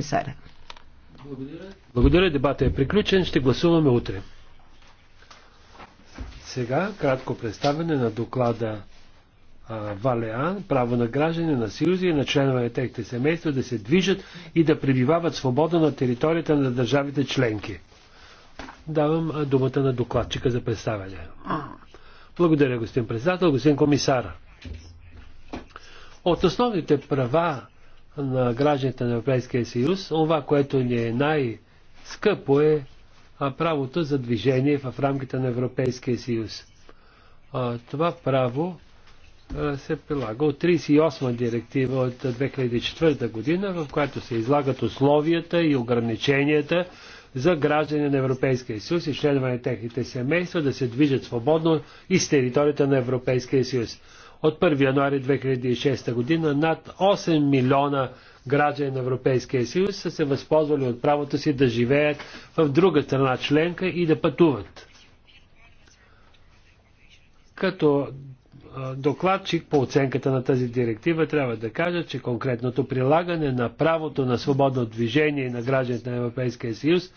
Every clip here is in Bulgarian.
комисаря. Благодаря. Благодаря, Дебата е приключен. Ще гласуваме утре. Сега кратко представяне на доклада а, Валеан, право на граждане на Съюза и на членове на техните семейства да се движат и да пребивават свободно на територията на държавите членки. Давам думата на докладчика за представяне. Благодаря, господин председател, господин комисар. От основните права на гражданите на Европейския съюз, това, което ни е най-скъпо е правото за движение в рамките на Европейския съюз. Това право се прилага от 38 директива от 2004 година, в която се излагат условията и ограниченията за граждани на Европейския съюз и членове на техните семейства да се движат свободно из територията на Европейския съюз от 1 януари 2006 година над 8 милиона граждани на Европейския съюз са се възползвали от правото си да живеят в друга страна членка и да пътуват. Като докладчик по оценката на тази директива трябва да кажа, че конкретното прилагане на правото на свободно движение на гражданите на Европейския съюз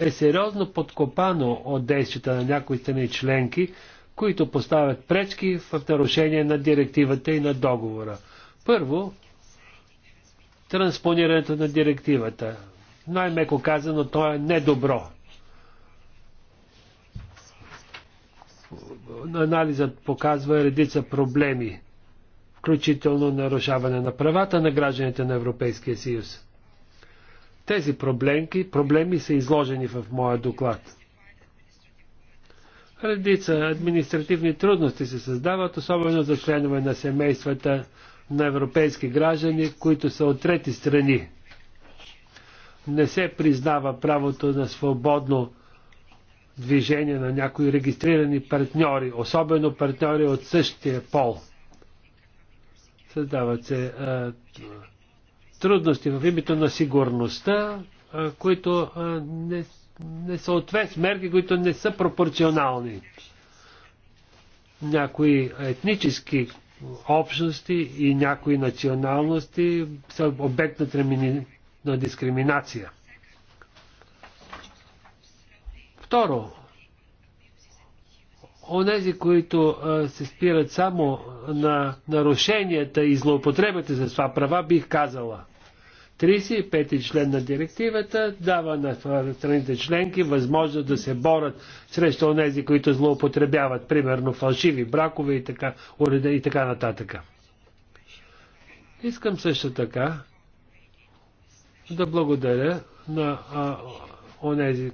е сериозно подкопано от действията на някои страни членки, които поставят пречки в нарушение на директивата и на договора. Първо, транспонирането на директивата. Най-меко казано, то е недобро. Анализът показва редица проблеми, включително нарушаване на правата на гражданите на Европейския съюз. Тези проблемки, проблеми са изложени в моя доклад. Редица административни трудности се създават, особено за членове на семействата на европейски граждани, които са от трети страни. Не се признава правото на свободно движение на някои регистрирани партньори, особено партньори от същия пол. Създават се а, трудности в името на сигурността, а, които а, не съответ, мерки, които не са пропорционални. Някои етнически общности и някои националности са обект на, тремини... на дискриминация. Второ, онези, които а, се спират само на нарушенията и злоупотребите за това права, бих казала – 35-ти член на директивата дава на страните членки възможност да се борят срещу онези, които злоупотребяват, примерно фалшиви бракове и така, и така нататък. Искам също така да благодаря на а, онези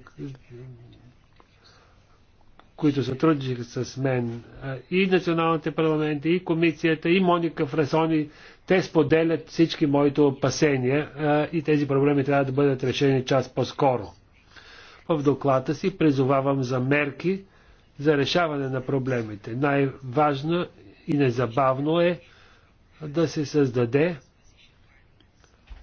които сътрудничаха с мен, и националните парламенти, и комисията, и Моника Фресони, те споделят всички моите опасения и тези проблеми трябва да бъдат решени част по-скоро. В доклада си призовавам за мерки за решаване на проблемите. Най-важно и незабавно е да се създаде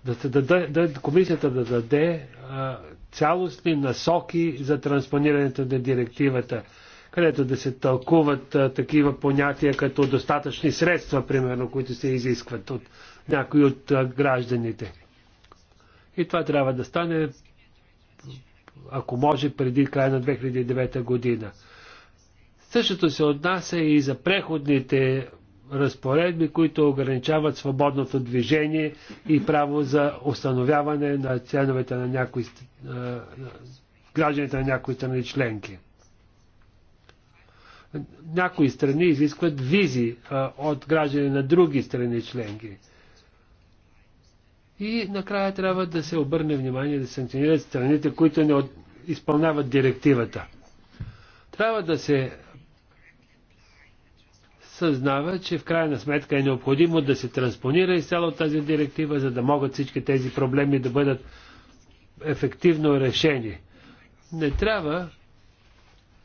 да се даде, да, комисията да даде а, цялостни насоки за транспонирането на директивата, където да се тълкуват а, такива понятия като достатъчни средства, примерно, които се изискват от някои от а, гражданите. И това трябва да стане, ако може, преди края на 2009 година. Същото се отнася и за преходните разпоредби, които ограничават свободното движение и право за установяване на ценовете на някои е, гражданите на някои страни членки. Някои страни изискват визи е, от граждани на други страни членки. И накрая трябва да се обърне внимание да санкционират страните, които не изпълняват директивата. Трябва да се съзнава, че в крайна сметка е необходимо да се транспонира изцяло тази директива, за да могат всички тези проблеми да бъдат ефективно решени. Не трябва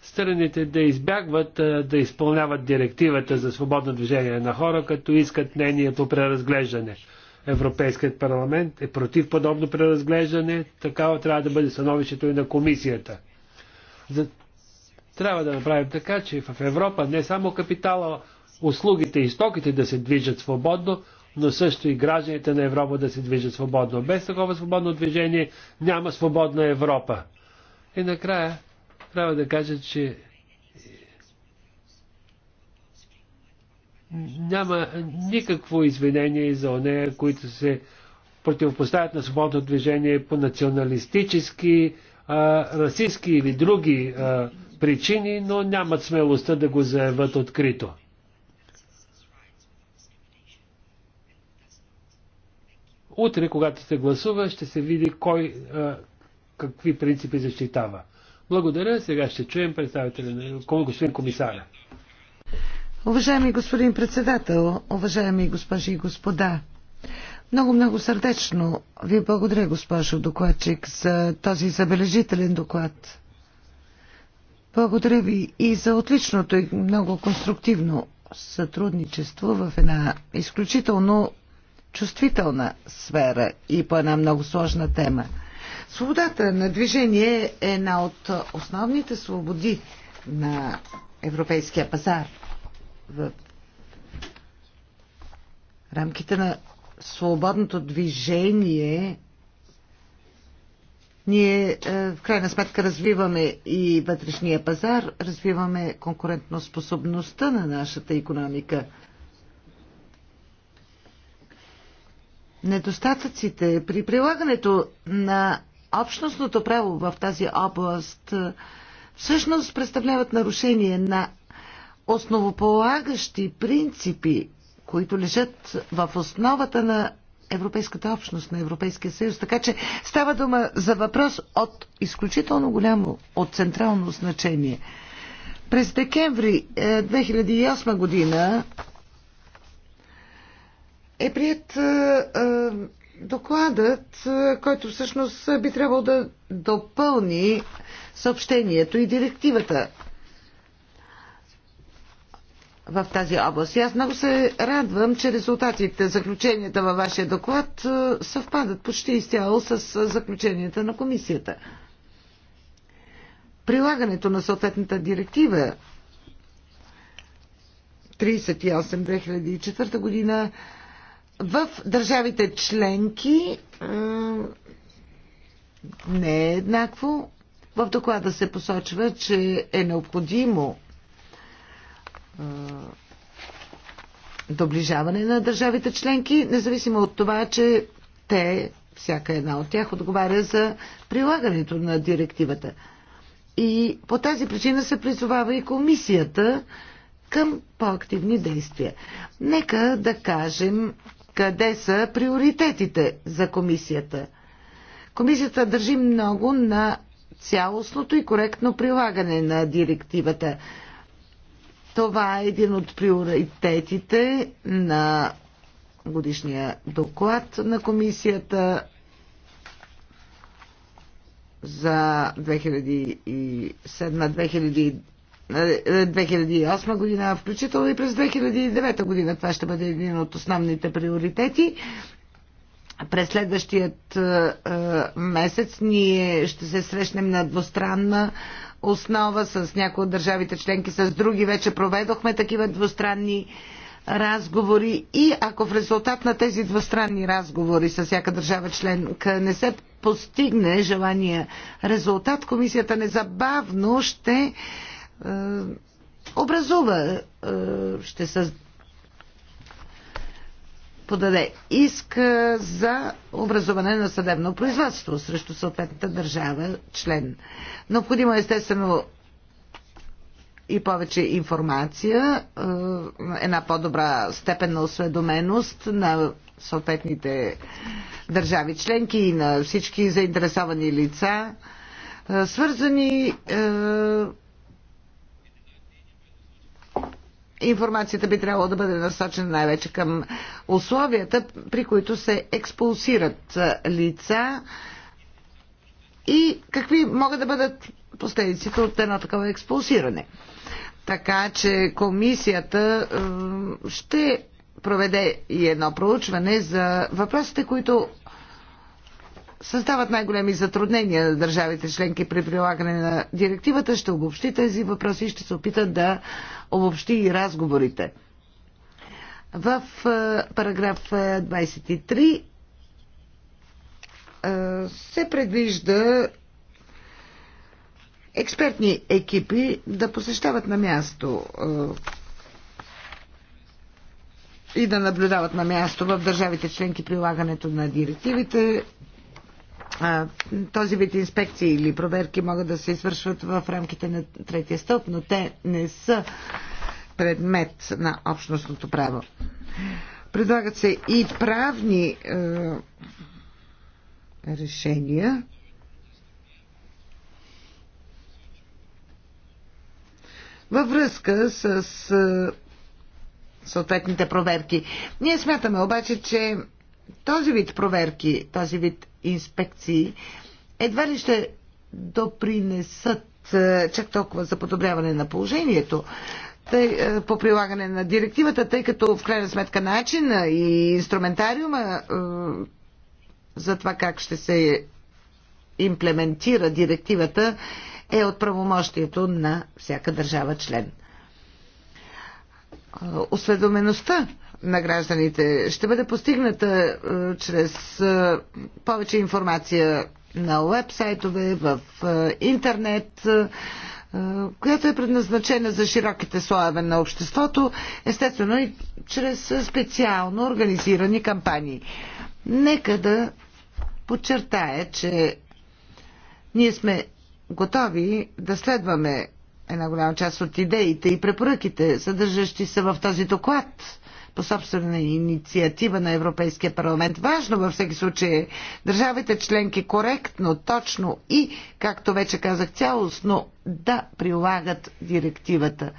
страните да избягват да изпълняват директивата за свободно движение на хора, като искат нението преразглеждане. Европейският парламент е против подобно преразглеждане, такава трябва да бъде становището и на комисията. За... Трябва да направим така, че в Европа не само капитала, услугите и стоките да се движат свободно, но също и гражданите на Европа да се движат свободно. Без такова свободно движение няма свободна Европа. И накрая трябва да кажа, че няма никакво извинение за нея, които се противопоставят на свободно движение по националистически, а, расистски или други а, причини, но нямат смелостта да го заявят открито. утре, когато се гласува, ще се види кой а, е, какви принципи защитава. Благодаря. Сега ще чуем представителя на господин комисаря. Уважаеми господин председател, уважаеми госпожи и господа, много-много сърдечно ви благодаря, госпожо докладчик, за този забележителен доклад. Благодаря ви и за отличното и много конструктивно сътрудничество в една изключително чувствителна сфера и по една много сложна тема. Свободата на движение е една от основните свободи на европейския пазар. В рамките на свободното движение ние е, в крайна сметка развиваме и вътрешния пазар, развиваме способността на нашата економика. недостатъците при прилагането на общностното право в тази област всъщност представляват нарушение на основополагащи принципи, които лежат в основата на Европейската общност, на Европейския съюз. Така че става дума за въпрос от изключително голямо, от централно значение. През декември 2008 е, година е прият докладът, който всъщност би трябвало да допълни съобщението и директивата в тази област. И аз много се радвам, че резултатите, заключенията във вашия доклад съвпадат почти изцяло с заключенията на комисията. Прилагането на съответната директива 38-2004 година в държавите членки не е еднакво. В доклада се посочва, че е необходимо доближаване на държавите членки, независимо от това, че те, всяка една от тях, отговаря за прилагането на директивата. И по тази причина се призовава и комисията към по-активни действия. Нека да кажем къде са приоритетите за комисията. Комисията държи много на цялостното и коректно прилагане на директивата. Това е един от приоритетите на годишния доклад на комисията за 2007-2009 2008 година, включително и през 2009 година. Това ще бъде един от основните приоритети. През следващият е, е, месец ние ще се срещнем на двустранна основа с някои от държавите членки, с други. Вече проведохме такива двустранни разговори и ако в резултат на тези двустранни разговори с всяка държава членка не се постигне желания резултат, комисията незабавно ще е, образува, е, ще се подаде иск е, за образуване на съдебно производство срещу съответната държава член. Необходимо естествено и повече информация, една по-добра степен на осведоменост на съответните държави членки и на всички заинтересовани лица, свързани информацията би трябвало да бъде насочена най-вече към условията, при които се експулсират лица и какви могат да бъдат последиците от едно такова експулсиране. Така че комисията ще проведе и едно проучване за въпросите, които създават най-големи затруднения на държавите членки при прилагане на директивата. Ще обобщи тези въпроси и ще се опита да обобщи и разговорите. В е, параграф 23 е, е, се предвижда експертни екипи да посещават на място и да наблюдават на място в държавите членки прилагането на директивите, този вид инспекции или проверки могат да се извършват в рамките на третия стълб, но те не са предмет на общностното право. Предлагат се и правни е, решения. Във връзка с е, съответните проверки. Ние смятаме обаче, че този вид проверки, този вид инспекции едва ли ще допринесат е, чак толкова за подобряване на положението тъй, е, по прилагане на директивата, тъй като в крайна сметка начина и инструментариума е, за това как ще се имплементира директивата е от правомощието на всяка държава член. Осведомеността на гражданите ще бъде постигната е, чрез е, повече информация на уебсайтове, в е, интернет, която е предназначена за широките слоеве на обществото, естествено и чрез специално организирани кампании. Нека да подчертая, че ние сме готови да следваме една голяма част от идеите и препоръките, съдържащи се в този доклад по собствена инициатива на Европейския парламент. Важно във всеки случай е държавите членки коректно, точно и, както вече казах, цялостно да прилагат директивата.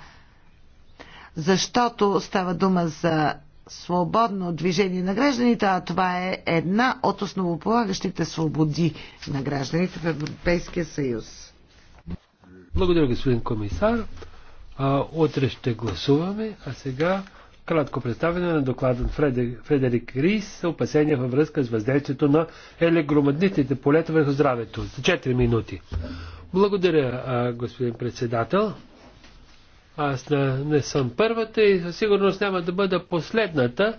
Защото става дума за свободно движение на гражданите, а това е една от основополагащите свободи на гражданите в Европейския съюз. Благодаря, господин комисар. А, утре ще гласуваме, а сега кратко представяне на доклада на Фредерик Рис, опасения във връзка с въздействието на електромагнитните полета върху здравето. За 4 минути. Благодаря, господин председател. Аз не, не съм първата и със сигурност няма да бъда последната.